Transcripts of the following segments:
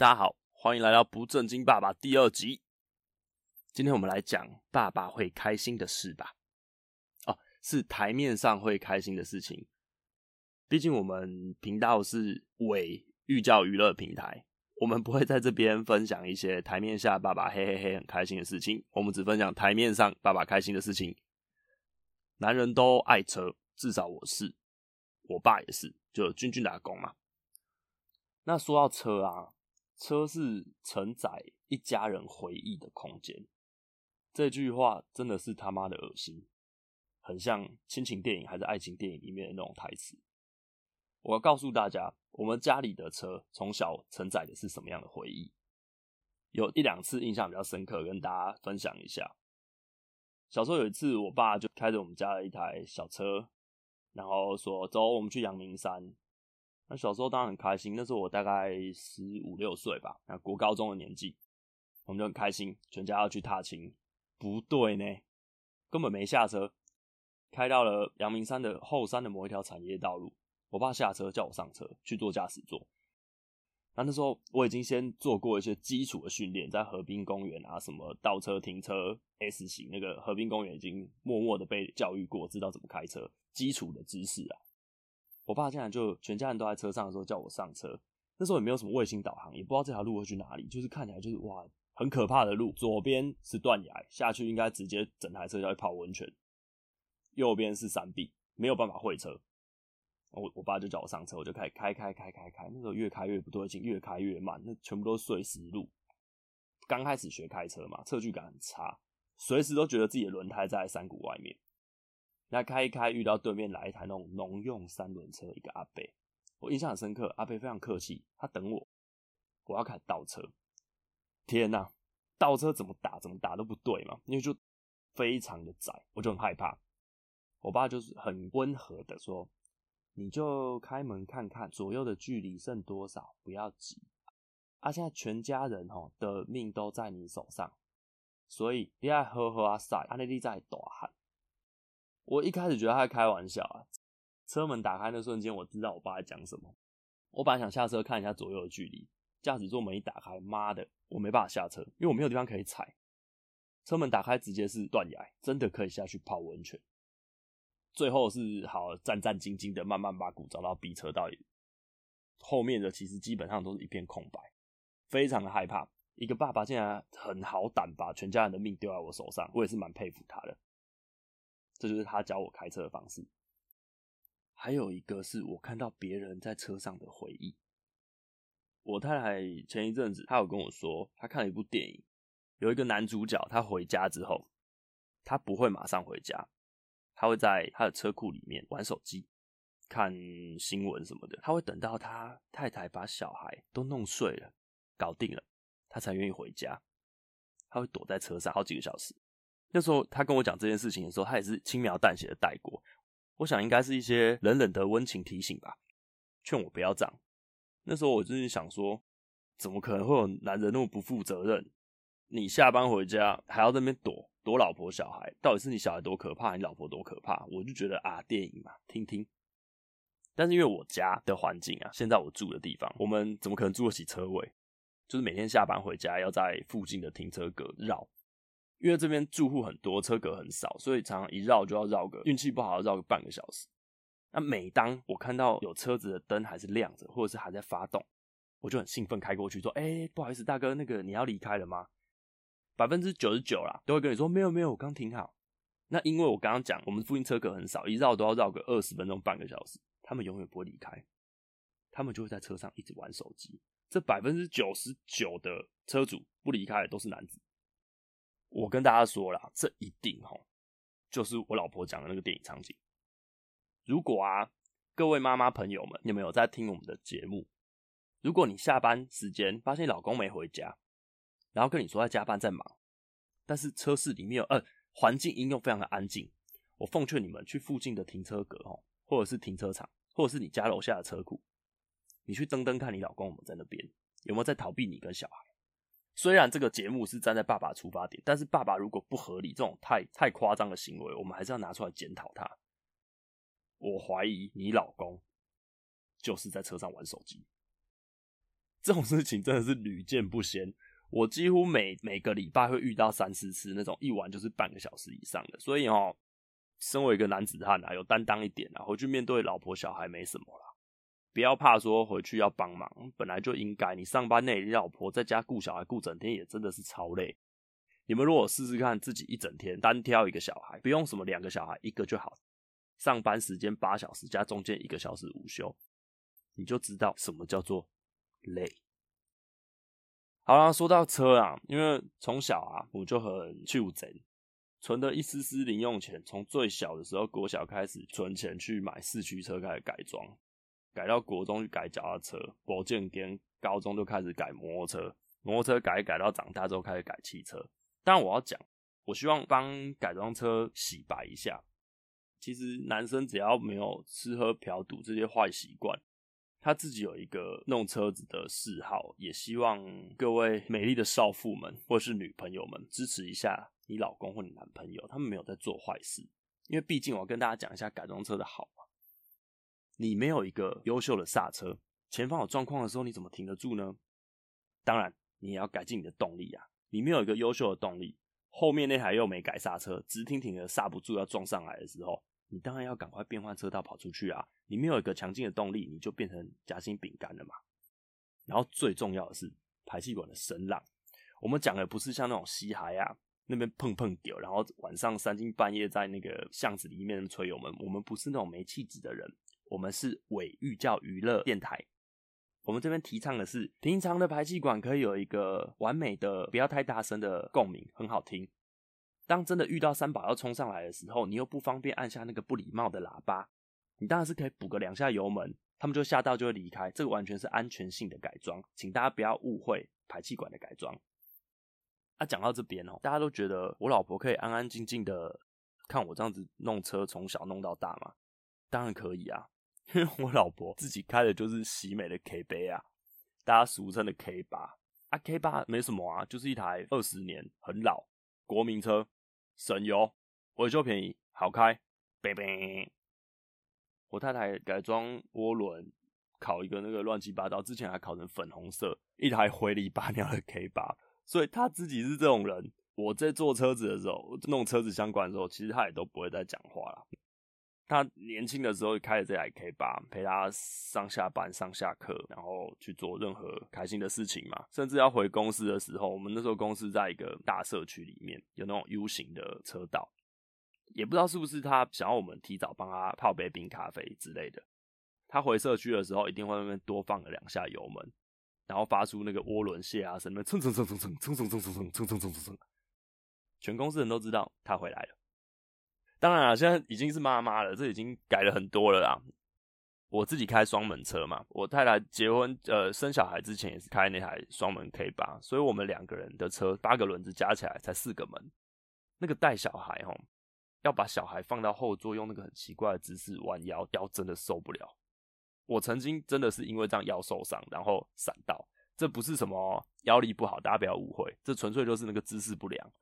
大家好，歡迎來到《不正經爸爸》第二集。今天我們來講爸爸會開心的事吧。哦、啊，是台面上會開心的事情。畢竟我們頻道是偽寓教娛樂平台，我們不會在這邊分享一些台面下爸爸嘿嘿嘿很開心的事情。我們只分享台面上爸爸開心的事情。男人都愛車，至少我是，我爸也是，就軍軍打工嘛。那說到車啊。車是承載一家人回憶的空間，這句話真的是他媽的惡心，很像親情電影還是愛情電影裡面的那種台詞。我要告訴大家，我們家裡的車從小承載的是什麼樣的回憶？有一兩次印象比較深刻，跟大家分享一下。小時候有一次，我爸就開着我們家的一台小車，然後說：“走，我們去陽明山。”那小時候當然很開心，那時候我大概十五六歲吧，那國高中的年紀，我們就很開心，全家要去踏青。不對呢，根本沒下車，開到了陽明山的後山的某一條產業道路，我爸下車叫我上車去坐駕駛座。那那時候我已經先做過一些基礎的訓練，在河濱公園啊，什麼倒車停車 S 型那個河濱公園已經默默的被教育過，知道怎麼開車，基礎的知識啊。我爸竟然就全家人都在車上的時候叫我上車，那時候也沒有什麼衛星導航，也不知道這條路會去哪裡，就是看起來就是哇，很可怕的路，左邊是斷崖，下去應該直接整台車要去泡溫泉，右邊是山壁，沒有辦法會車。我我爸就叫我上車，我就開始開開開開開，那時候越開越不對勁，越開越慢，那全部都是碎石路，剛開始學開車嘛，測距感很差，隨時都覺得自己的輪胎在山谷外面。那開一開，遇到對面來一台那種農用三輪車，一個阿伯，我印象很深刻。阿伯非常客氣，他等我，我要看倒車。天哪，啊，倒車怎麼打，怎麼打都不對嘛，因為就非常的窄，我就很害怕。我爸就是很溫和的說：“你就開門看看左右的距離剩多少，不要急。啊現在全家人吼的命都在你手上，所以你要好好啊塞，安尼你才大漢。”我一開始覺得他在開玩笑啊，車門打開那瞬間，我知道我爸在講什麼。我本來想下車看一下左右的距離，駕駛座門一打開，媽的，我沒辦法下車，因為我沒有地方可以踩。車門打開直接是斷崖，真的可以下去泡溫泉。最後是好戰戰兢兢的，慢慢把谷找到 B 車道裡，後面的其實基本上都是一片空白，非常的害怕。一個爸爸竟然很好膽，把全家人的命丟在我手上，我也是蠻佩服他的。這就是他教我開車的方式。還有一個是我看到別人在車上的回憶。我太太前一陣子，她有跟我說，她看了一部電影，有一個男主角，他回家之後，他不會馬上回家，他會在他的車庫裡面玩手機、看新聞什麼的。他會等到他太太把小孩都弄睡了、搞定了，他才願意回家。他會躲在車上好幾個小時。那時候他跟我講這件事情的時候，他也是輕描淡寫的帶過。我想應該是一些冷冷的溫情提醒吧，勸我不要這樣。那時候我就是想說，怎麼可能會有男人那麼不負責任？你下班回家還要在那邊躲躲老婆小孩，到底是你小孩多可怕，你老婆多可怕？我就覺得啊，電影嘛，聽聽。但是因為我家的環境啊，現在我住的地方，我們怎麼可能住得起車位？就是每天下班回家要在附近的停車格繞。因為這邊住戶很多，車格很少，所以常常一繞就要繞個，運氣不好要繞個半個小時。那每當我看到有車子的燈還是亮着，或者是還在發動，我就很興奮開過去說：“哎、欸，不好意思，大哥，那個你要離開了嗎？”百分之九十九啦，都會跟你說：“沒有，沒有，我剛停好。”那因為我剛剛講，我們附近車格很少，一繞都要繞個二十分鐘、半個小時，他們永遠不會離開，他們就會在車上一直玩手機。這百分之九十九的車主不離開的都是男子。我跟大家說了，這一定吼，就是我老婆講的那個電影場景。如果啊，各位媽媽朋友們，你們有在聽我們的節目？如果你下班時間發現老公沒回家，然後跟你說他加班在忙，但是車室裡面有呃環境應用非常的安靜，我奉勸你們去附近的停車格吼，或者是停車場，或者是你家樓下的車庫，你去登登看你老公有沒有在那邊，有沒有在逃避你跟小孩？雖然這個節目是站在爸爸出發點，但是爸爸如果不合理這種太太誇張的行為，我們還是要拿出來檢討他。我懷疑你老公就是在車上玩手機，這種事情真的是屢見不鮮。我幾乎每每個禮拜會遇到三四次那種一玩就是半個小時以上的。所以哦，身為一個男子漢啊，有擔當一點，啊，回去面對老婆小孩，沒什麼啦。不要怕說回去要幫忙，本來就應該。你上班內，你老婆在家顧小孩顧整天也真的是超累。你們如果試試看自己一整天單挑一個小孩，不用什麼兩個小孩，一個就好。上班時間八小時加中間一個小時午休，你就知道什麼叫做累。好啦，啊，說到車啊，因為從小啊我就很去整，存的一絲絲零用錢，從最小的時候國小開始存錢去買四驅車，開始改裝。改到國中去改腳踏車，國中跟高中就開始改摩托車，摩托車改一改到長大之後開始改汽車。但我要講，我希望幫改裝車洗白一下。其實男生只要沒有吃喝嫖賭這些壞習慣，他自己有一個弄車子的嗜好，也希望各位美麗的少婦們或是女朋友們支持一下你老公或你男朋友，他們沒有在做壞事。因為畢竟我要跟大家講一下改裝車的好嘛。你沒有一個優秀的剎車，前方有狀況的時候，你怎麼停得住呢？當然，你也要改進你的動力啊。你沒有一個優秀的動力，後面那台又沒改剎車，直挺挺的剎不住，要撞上來的時候，你當然要趕快變換車道跑出去啊。你沒有一個強勁的動力，你就變成夾心餅乾了嘛。然後最重要的是排氣管的聲浪，我們講的不是像那種西海啊那邊碰碰丟，然後晚上三更半夜在那個巷子裡面吹油門，我們不是那種沒氣質的人。我們是偽寓教娛樂電台，我們這邊提倡的是平常的排氣管可以有一個完美的，不要太大聲的共鳴，很好聽。當真的遇到三寶要衝上來的時候，你又不方便按下那個不禮貌的喇叭，你當然是可以補個兩下油門，他們就嚇到就會離開。這個完全是安全性的改裝，請大家不要誤會排氣管的改裝。啊，講到這邊哦，大家都覺得我老婆可以安安靜靜的看我這樣子弄車從小弄到大嘛？當然可以啊。因 為我老婆自己開的就是喜美的 K 杯啊，大家俗稱的 K 八啊，K 八沒什麼啊，就是一台二十年很老國民車，省油，維修便宜，好開。叛叛我太太改裝渦輪，烤一個那個亂七八糟，之前還烤成粉紅色，一台灰裡巴尿的 K 八，所以他自己是這種人。我在坐車子的時候，弄車子相關的時候，其實他也都不會再講話了。他年輕的時候開着這台 K8 陪他上下班、上下課，然後去做任何開心的事情嘛。甚至要回公司的時候，我們那時候公司在一個大社區裡面，有那種 U 型的車道，也不知道是不是他想要我們提早幫他泡杯冰咖啡之類的。他回社區的時候，一定會那邊多放了兩下油門，然後發出那個渦輪洩啊，什麼蹭蹭蹭蹭蹭蹭蹭蹭蹭蹭蹭，全公司人都知道他回來了。當然了，現在已經是媽媽了，這已經改了很多了啦。我自己開雙門車嘛，我太太結婚、呃生小孩之前也是開那台雙門 K 八，所以我們兩個人的車八個輪子加起來才四個門。那個帶小孩哦，要把小孩放到後座，用那個很奇怪的姿勢彎腰，腰真的受不了。我曾經真的是因為這樣腰受傷，然後閃到。這不是什麼腰力不好，大家不要誤會，這純粹就是那個姿勢不良。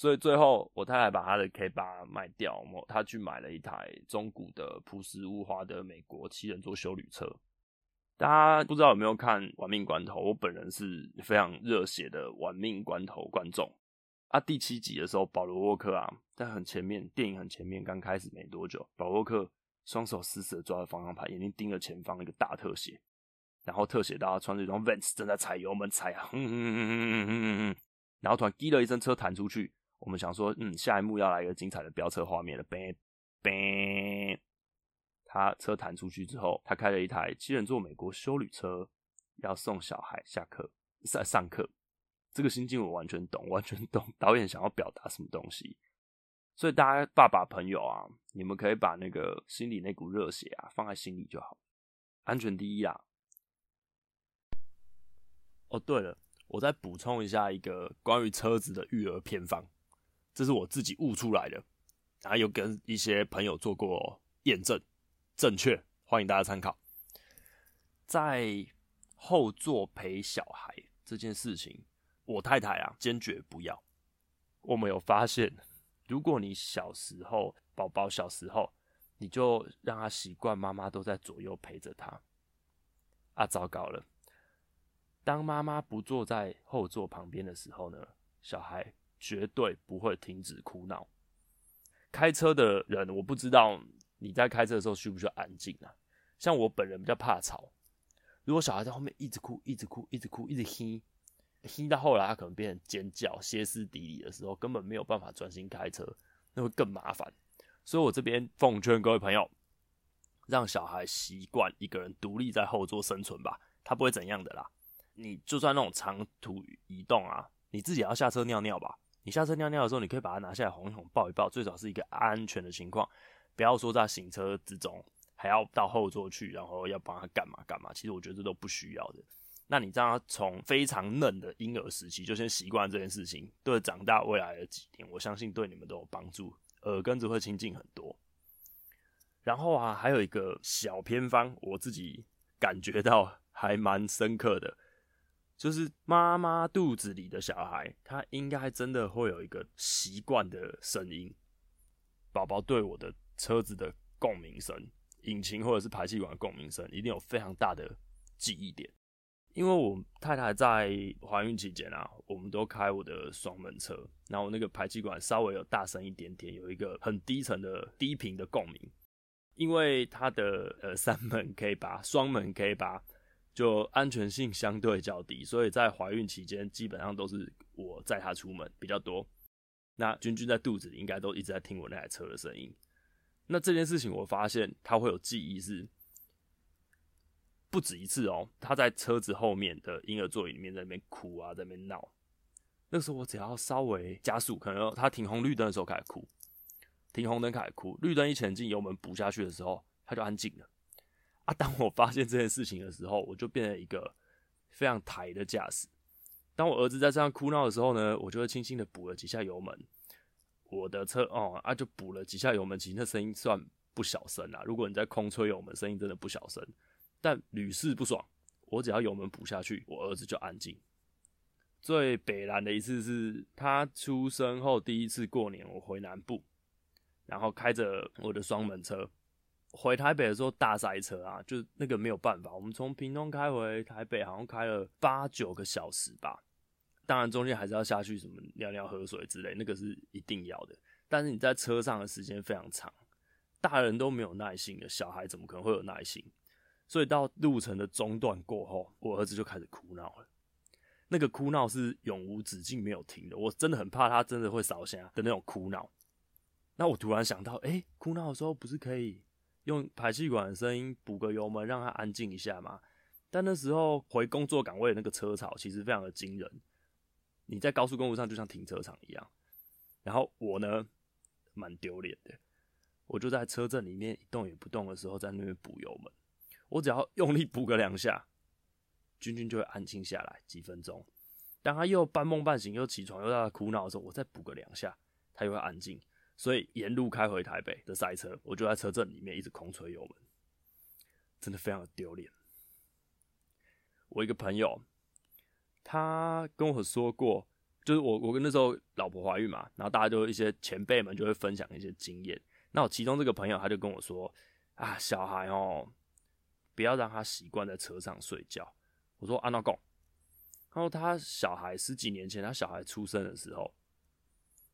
所以最後，我太太把她的 K8 賣掉，他去買了一台中古的樸實無華的美國七人座休旅車。大家不知道有沒有看《玩命關頭》？我本人是非常熱血的《玩命關頭》觀眾啊！第七集的時候，保羅沃克啊，在很前面，電影很前面，剛開始沒多久，保羅沃克雙手死死的抓着方向盤，眼睛盯着前方一個大特寫，然後特寫到他穿着一雙 Vans，正在踩油門，踩啊，哼哼哼哼哼哼，然後突然“滴”了一聲，車彈出去。我們想說，嗯，下一幕要來一個精彩的飆車畫面了，bang bang，他車彈出去之後，他開了一台七人座美國休旅車，要送小孩下課上上課。這個心境我完全懂，完全懂，導演想要表達什麼東西。所以大家爸爸朋友啊，你們可以把那個心裡那股熱血啊放在心裡就好，安全第一啦。哦，對了，我再補充一下一個關於車子的育兒偏方。這是我自己悟出來的，然後又跟一些朋友做過驗證，正確，歡迎大家參考。在後座陪小孩這件事情，我太太啊堅決不要。我們有發現，如果你小時候寶寶小時候，你就讓他習慣媽媽都在左右陪着他，啊，糟糕了！當媽媽不坐在後座旁邊的時候呢，小孩。絕對不會停止哭鬧。開車的人，我不知道你在開車的時候需不需要安靜啊？像我本人比較怕吵，如果小孩在後面一直哭、一直哭、一直哭、一直哼哼，到後來他可能變成尖叫、歇斯底里的時候，根本沒有辦法專心開車，那會更麻煩。所以我這邊奉勸各位朋友，讓小孩習慣一個人獨立在後座生存吧，他不會怎樣的啦。你就算那種長途移動啊，你自己也要下車尿尿吧。你下車尿尿的時候，你可以把它拿下來，哄一哄，抱一抱，最少是一個安全的情況。不要說在行車之中，還要到後座去，然後要幫他幹嘛幹嘛。其實我覺得這都不需要的。那你讓他從非常嫩的嬰兒時期就先習慣這件事情，對長大未來的幾年，我相信對你們都有幫助，耳根子會清淨很多。然後啊，還有一個小偏方，我自己感覺到還蠻深刻的。就是媽媽肚子裡的小孩，他應該真的會有一個習慣的聲音。寶寶對我的車子的共鳴聲、引擎或者是排氣管的共鳴聲，一定有非常大的記憶點。因為我太太在懷孕期間啊，我們都開我的雙門車，然後那個排氣管稍微有大聲一點點，有一個很低沉的低頻的共鳴，因為它的呃三門 K8、雙門 K8。就安全性相對較低，所以在懷孕期間基本上都是我載他出門比較多。那君君在肚子裡應該都一直在聽我那台車的聲音。那這件事情我發現他會有記憶是不止一次哦、喔，他在車子後面的嬰兒座椅裡面在那邊哭啊，在那邊鬧。那時候我只要稍微加速，可能他停紅綠燈的時候開始哭，停紅燈開始哭，綠燈一前進油門補下去的時候，他就安靜了。啊、當我發現這件事情的時候，我就變了一個非常台的駕駛。當我兒子在這樣哭鬧的時候呢，我就會輕輕的補了幾下油門。我的車哦啊，就補了幾下油門，其實那聲音算不小聲啦，如果你在空吹油門，聲音真的不小聲。但屢試不爽，我只要油門補下去，我兒子就安靜。最北南的一次是他出生後第一次過年，我回南部，然後開着我的雙門車。回台北的時候大塞車啊，就那個沒有辦法。我們從屏東開回台北，好像開了八九個小時吧。當然中間還是要下去什麼尿尿、喝水之類，那個是一定要的。但是你在車上的時間非常長，大人都沒有耐心的，小孩怎麼可能會有耐心？所以到路程的中段過後，我兒子就開始哭鬧了。那個哭鬧是永無止境、沒有停的。我真的很怕他真的會燒聲的那種哭鬧。那我突然想到，誒、欸，哭鬧的時候不是可以？用排氣管的聲音補個油門，讓他安靜一下嘛。但那時候回工作崗位的那個車潮其實非常的驚人，你在高速公路上就像停車場一樣。然後我呢，蠻丟臉的，我就在車陣裡面一動也不動的時候，在那邊補油門。我只要用力補個兩下，君君就會安靜下來幾分鐘。當他又半夢半醒又起床又在那哭鬧的時候，我再補個兩下，他又會安靜。所以沿路開回台北的塞車，我就在車陣裡面一直空吹油門，真的非常的丟臉。我一個朋友，他跟我說過，就是我我跟那時候老婆懷孕嘛，然後大家就一些前輩們就會分享一些經驗。那我其中這個朋友他就跟我說：“啊，小孩哦、喔，不要讓他習慣在車上睡覺。”我說：“阿納貢。”他說：“然後他小孩十幾年前，他小孩出生的時候。”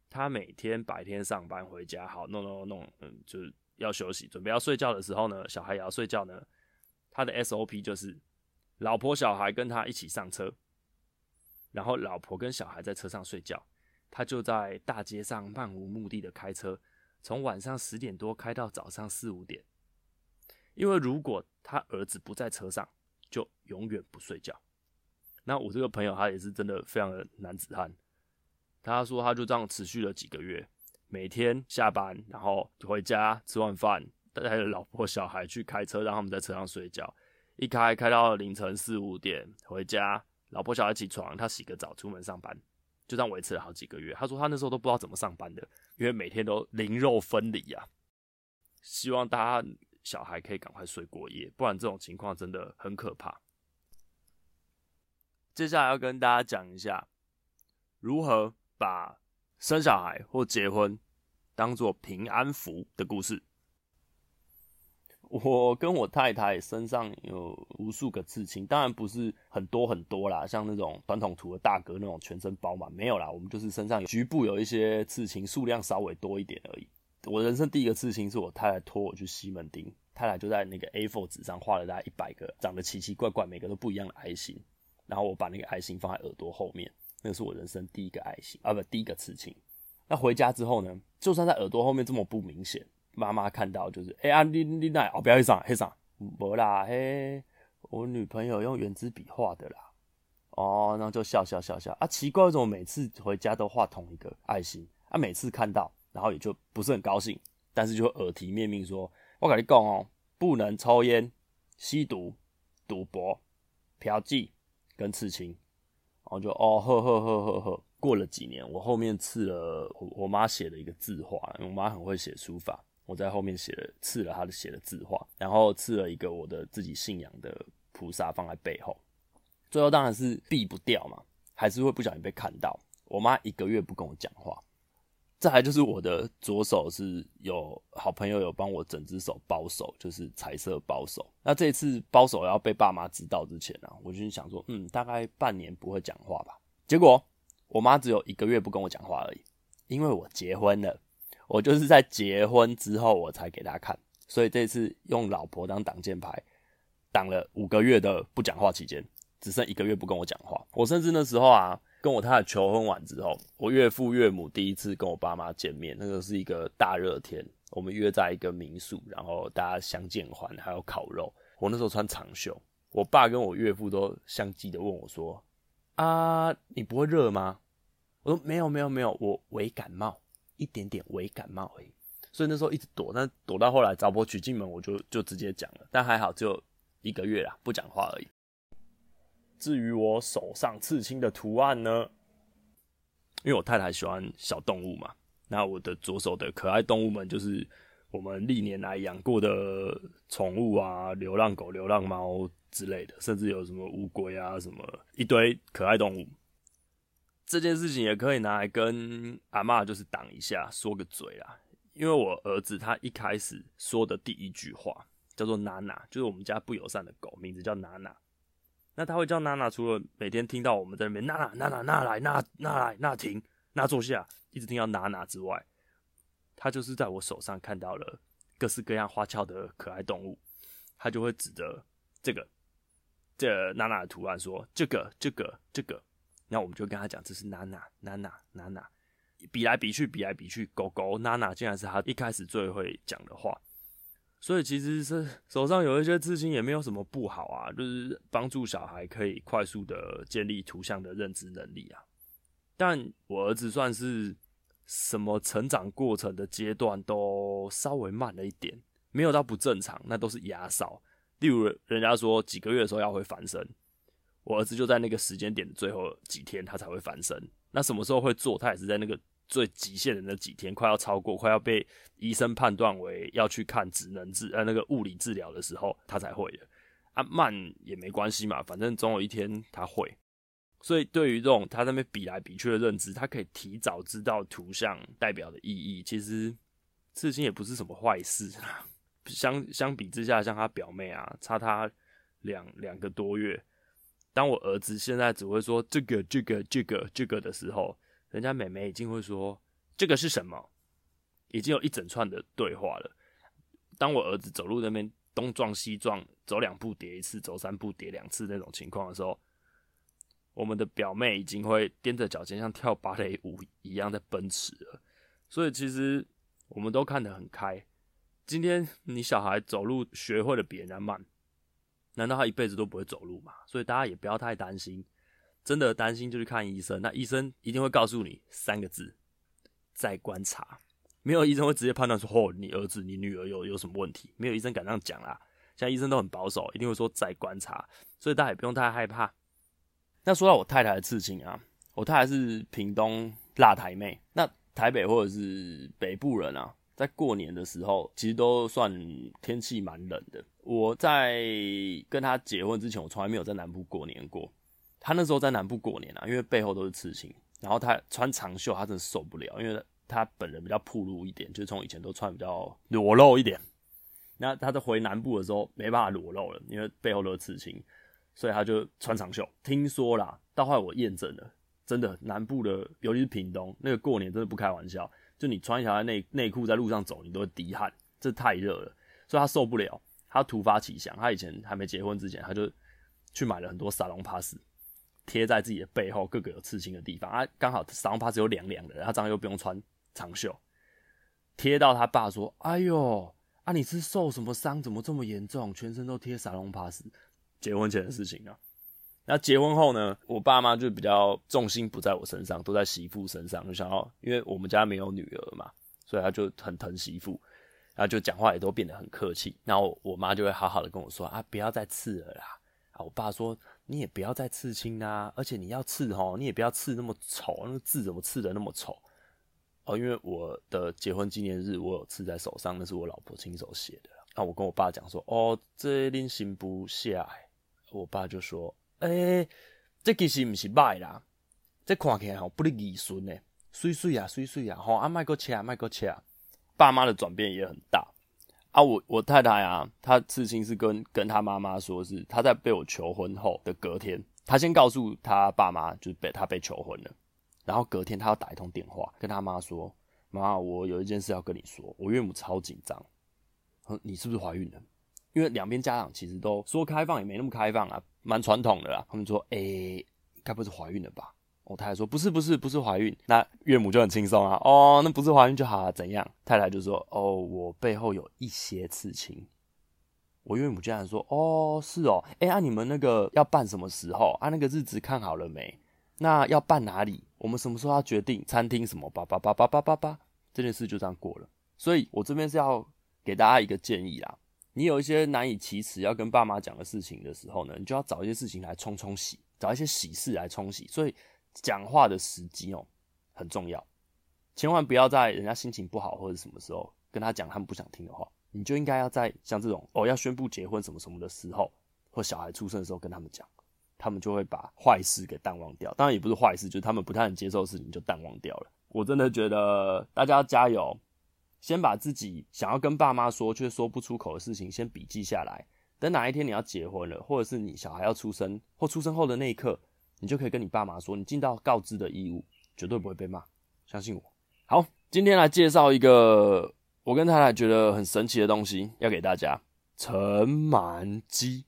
他每天白天上班回家，好弄弄弄，no, no, no，嗯，就是要休息，準備要睡覺的時候呢，小孩也要睡覺呢。他的 SOP 就是，老婆小孩跟他一起上車，然後老婆跟小孩在車上睡覺，他就在大街上漫無目的的開車，從晚上十點多開到早上四五點。因為如果他兒子不在車上，就永遠不睡覺。那我這個朋友他也是真的非常的男子漢。他說，他就這樣持續了幾個月，每天下班然後回家吃完飯，帶着老婆小孩去開車，讓他們在車上睡覺，一開開到凌晨四五點回家，老婆小孩起床，他洗個澡出門上班，就這樣維持了好幾個月。他說他那時候都不知道怎麼上班的，因為每天都靈肉分離呀，啊。希望大家小孩可以趕快睡過夜，不然這種情況真的很可怕。接下來要跟大家講一下如何。把生小孩或結婚當做平安符的故事。我跟我太太身上有無數個刺青，當然不是很多很多啦，像那種傳統圖的大哥那種全身包滿，沒有啦，我們就是身上局部有一些刺青，數量稍微多一點而已。我人生第一個刺青是我太太拖我去西門町，太太就在那個 A4 紙上畫了大概一百個長得奇奇怪怪、每個都不一樣的愛心，然後我把那個愛心放在耳朵後面。那是我人生第一個愛心啊，不，第一個刺青。那回家之後呢，就算在耳朵後面這麼不明顯，媽媽看到就是，哎呀，你你那，不要黑啥黑啥，不啦嘿、欸，我女朋友用原子筆畫的啦。哦，然後就笑笑笑笑啊，奇怪，怎麼每次回家都畫同一個愛心啊？每次看到，然後也就不是很高興，但是就會耳提面命說，我跟你講哦，不能抽菸、吸毒、賭博、嫖妓跟刺青。然後就哦，呵呵呵呵呵。過了幾年，我後面刺了我我媽寫的一個字畫，我媽很會寫書法，我在後面寫了刺了她的寫的字畫，然後刺了一個我的自己信仰的菩薩放在背後，最後當然是避不掉嘛，還是會不小心被看到，我媽一個月不跟我講話。再來就是我的左手是有好朋友有幫我整只手包手，就是彩色包手。那這一次包手要被爸媽知道之前呢、啊，我就想說，嗯，大概半年不會講話吧。結果我媽只有一個月不跟我講話而已，因為我結婚了。我就是在結婚之後我才給她看，所以這次用老婆當擋箭牌，擋了五個月的不講話期間，只剩一個月不跟我講話。我甚至那時候啊。跟我太太求婚完之後，我岳父岳母第一次跟我爸媽見面，那個是一個大熱天，我們約在一個民宿，然後大家相見歡，還有烤肉。我那時候穿長袖，我爸跟我岳父都相繼的問我說：“啊，你不會熱嗎？”我說：“沒有，沒有，沒有，我微感冒，一點點微感冒而已。”所以那時候一直躲，但躲到後來找我娶進門，我就就直接講了。但還好，只有一個月啦，不講話而已。至於我手上刺青的圖案呢？因為我太太喜歡小動物嘛，那我的左手的可愛動物們就是我們歷年來養過的寵物啊，流浪狗、流浪貓之類的，甚至有什麼烏龜啊，什麼一堆可愛動物。這件事情也可以拿來跟阿嬤就是擋一下，說個嘴啦，因為我兒子他一開始說的第一句話叫做“娜娜”，就是我們家不友善的狗，名字叫娜娜。那他會叫娜娜，除了每天聽到我們在那邊娜,娜娜娜娜娜來娜娜來娜,娜,來娜,娜,來娜,娜停娜坐下，一直聽到娜娜之外，他就是在我手上看到了各式各樣花俏的可愛動物，他就會指着這個這個娜娜的圖案說這個這個這個，那我們就跟他講這是娜娜娜娜娜娜,娜，比來比去比來比去，狗狗娜娜竟然是他一開始最會講的話。所以其實是手上有一些資金也沒有什麼不好啊，就是幫助小孩可以快速的建立圖像的認知能力啊。但我兒子算是什麼成長過程的階段都稍微慢了一點，沒有到不正常，那都是壓哨。例如人家說幾個月的時候要會翻身，我兒子就在那個時間點最後幾天他才會翻身。那什麼時候會坐？他也是在那個。最極限的那幾天，快要超過，快要被醫生判斷為要去看職能治呃那個物理治療的時候，他才會的。啊慢也沒關係嘛，反正總有一天他會。所以對於這種他那邊比來比去的認知，他可以提早知道圖像代表的意義，其實事情也不是什麼壞事啊。相相比之下，像他表妹啊，差他兩兩個多月。當我兒子現在只會說這個這個這個這個的時候。人家妹妹已經會說這個是什麼，已經有一整串的對話了。當我兒子走路那邊東撞西撞，走兩步跌一次，走三步跌兩次那種情況的時候，我們的表妹已經會踮着腳尖，像跳芭蕾舞一樣在奔馳了。所以其實我們都看得很開。今天你小孩走路學會了比人家慢，難道他一輩子都不會走路嗎？所以大家也不要太擔心。真的擔心就去看醫生，那醫生一定會告訴你三個字：再觀察。沒有醫生會直接判斷說：“哦，你兒子、你女兒有有什麼問題？”沒有醫生敢這樣講啦。現在醫生都很保守，一定會說再觀察，所以大家也不用太害怕。那說到我太太的事情啊，我太太是屏東辣台妹，那台北或者是北部人啊，在過年的時候其實都算天氣蠻冷的。我在跟她結婚之前，我從來沒有在南部過年過。他那時候在南部過年啊，因為背後都是刺青，然後他穿長袖，他真的受不了，因為他本人比較暴露一點，就是從以前都穿比較裸露一點。那他在回南部的時候沒辦法裸露了，因為背後都是刺青，所以他就穿長袖。聽說啦，到後來我驗證了，真的南部的，尤其是屏東那個過年真的不開玩笑，就你穿一條內內褲在路上走，你都會滴汗，這太熱了，所以他受不了。他突發奇想，他以前還沒結婚之前，他就去買了很多撒隆巴斯。貼在自己的背後，各個有刺青的地方啊，剛好沙龍帕斯又涼涼的，然後這樣又不用穿長袖。貼到他爸說：“哎呦，啊你是受什麼傷？怎麼這麼嚴重？全身都貼沙龍帕斯？”結婚前的事情啊。那結婚後呢？我爸媽就比較重心不在我身上，都在媳婦身上。就想要，因為我們家沒有女兒嘛，所以他就很疼媳婦，他就講話也都變得很客氣。然後我媽就會好好的跟我說：“啊，不要再刺了啦！”啊，我爸說。你也不要再刺青啦，啊，而且你要刺吼，你也不要刺那麼醜，那個字怎麼刺得那麼醜？哦，因為我的結婚紀念日，我有刺在手上，那是我老婆親手寫的。那，啊，我跟我爸講說：“哦，這令行不下。啊”我爸就說：“哎，欸，這其實不是賣啦，這看起來吼不利耳順呢，水水啊，水水啊，吼阿賣個車，賣個啊爸媽的轉變也很大。啊，我我太太啊，她，事情是跟跟他媽媽說的是，是他在被我求婚後的隔天，他先告訴他爸媽，就是被他被求婚了，然後隔天他要打一通電話跟他媽說，媽，我有一件事要跟你說，我岳母超緊張，哼，你是不是懷孕了？因為兩邊家長其實都說開放也沒那麼開放啊，蠻傳統的啦，他們說，誒、欸，該不是懷孕了吧？我、哦、太太說不是不是不是懷孕，那岳母就很輕鬆啊。哦，那不是懷孕就好了，怎樣？太太就說哦，我背後有一些事情。我岳母就這樣說哦，是哦，哎，那、啊、你們那個要辦什麼時候？啊那個日子看好了沒？那要辦哪裡？我們什麼時候要決定餐廳什麼？叭叭叭叭叭叭叭，這件事就這樣過了。所以，我這邊是要給大家一個建議啦。你有一些難以啟齒要跟爸媽講的事情的時候呢，你就要找一些事情來沖沖喜，找一些喜事來沖喜，所以。講話的時機哦，很重要，千萬不要在人家心情不好或者什麼時候跟他講他們不想聽的話，你就應該要在像這種哦要宣布結婚什麼什麼的時候，或小孩出生的時候跟他們講，他們就會把壞事給淡忘掉。當然也不是壞事，就是他們不太能接受的事情就淡忘掉了。我真的覺得大家要加油，先把自己想要跟爸媽說卻說不出口的事情先筆記下來，等哪一天你要結婚了，或者是你小孩要出生或出生後的那一刻。你就可以跟你爸媽說，你盡到告知的義務，絕對不會被罵，相信我。好，今天來介紹一個我跟太太覺得很神奇的東西，要給大家塵蟎機。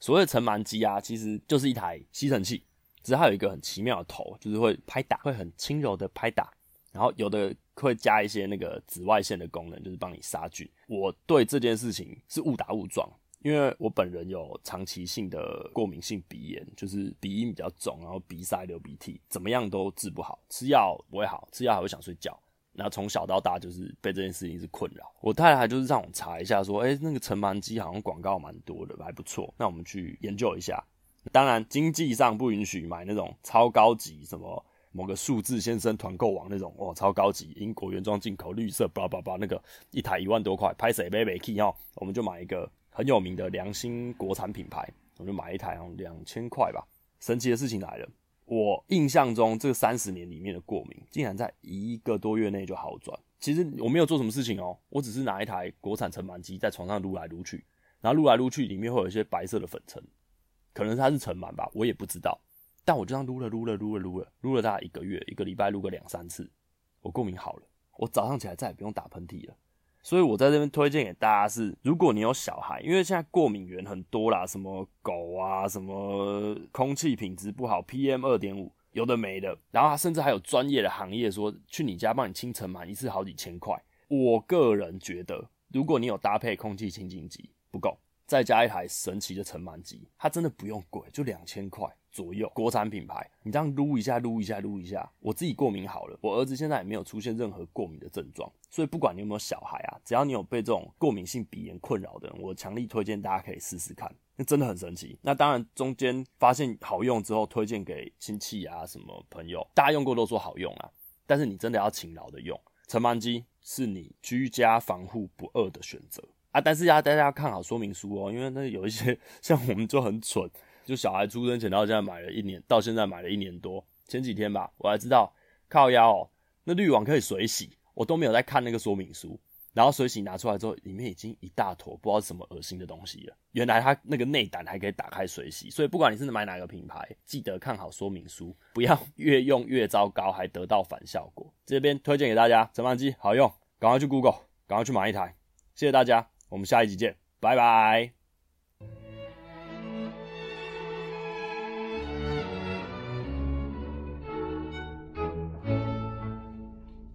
所謂的塵蟎機啊，其實就是一台吸塵器，只是它有一個很奇妙的頭，就是會拍打，會很輕柔的拍打，然後有的會加一些那個紫外線的功能，就是幫你殺菌。我對這件事情是誤打誤撞。因為我本人有長期性的過敏性鼻炎，就是鼻音比較重，然後鼻塞、流鼻涕，怎麼樣都治不好，吃藥不會好，吃藥還會想睡覺。那從小到大就是被這件事情是困擾。我太太就是讓我查一下，說，哎、欸，那個塵蟎機好像廣告蠻多的，還不錯，那我們去研究一下。當然經濟上不允許買那種超高級，什麼某個數字先生團購網那種，哦，超高級，英國原裝進口，綠色，叭叭叭，那個一台一萬多塊，拍謝，買袂起吼，我們就買一個。很有名的良心國產品牌，我就買一台哦，兩千塊吧。神奇的事情來了，我印象中這三十年裡面的過敏，竟然在一個多月內就好轉。其實我沒有做什麼事情哦、喔，我只是拿一台國產塵蟎機在床上擼來擼去，然後擼來擼去裡面會有一些白色的粉塵，可能它是塵蟎吧，我也不知道。但我就這樣擼了擼了擼了擼了，擼了大概一個月，一個禮拜擼個兩三次，我過敏好了，我早上起來再也不用打噴嚏了。所以我在這邊推薦給大家是，如果你有小孩，因為現在過敏原很多啦，什麼狗啊，什麼空氣品質不好，PM 二點五有的沒的，然後他甚至還有專業的行業說去你家幫你清塵，買一次好幾千塊。我個人覺得，如果你有搭配空氣清淨機，不夠。再加一台神奇的塵蟎機，它真的不用貴，就兩千塊左右，國產品牌。你這樣擼一下，擼一下，擼一下，我自己過敏好了，我兒子現在也沒有出現任何過敏的症狀。所以不管你有沒有小孩啊，只要你有被這種過敏性鼻炎困擾的人，我強力推薦大家可以試試看，那真的很神奇。那當然，中間發現好用之後，推薦給親戚啊、什麼朋友，大家用過都說好用啊。但是你真的要勤勞的用，塵蟎機是你居家防護不二的選擇。啊、但是要大家要看好說明書哦，因為那有一些像我們就很蠢，就小孩出生前到現在買了一年，到現在買了一年多。前幾天吧，我才知道靠腰哦，那濾網可以水洗，我都沒有在看那個說明書。然後水洗拿出來之後，裡面已經一大坨，不知道是什麼噁心的東西了。原來它那個內膽還可以打開水洗，所以不管你是買哪個品牌，記得看好說明書，不要越用越糟糕，還得到反效果。這邊推薦給大家，塵蟎機好用，趕快去 Google，趕快去買一台。謝謝大家。我們下一集見，拜拜。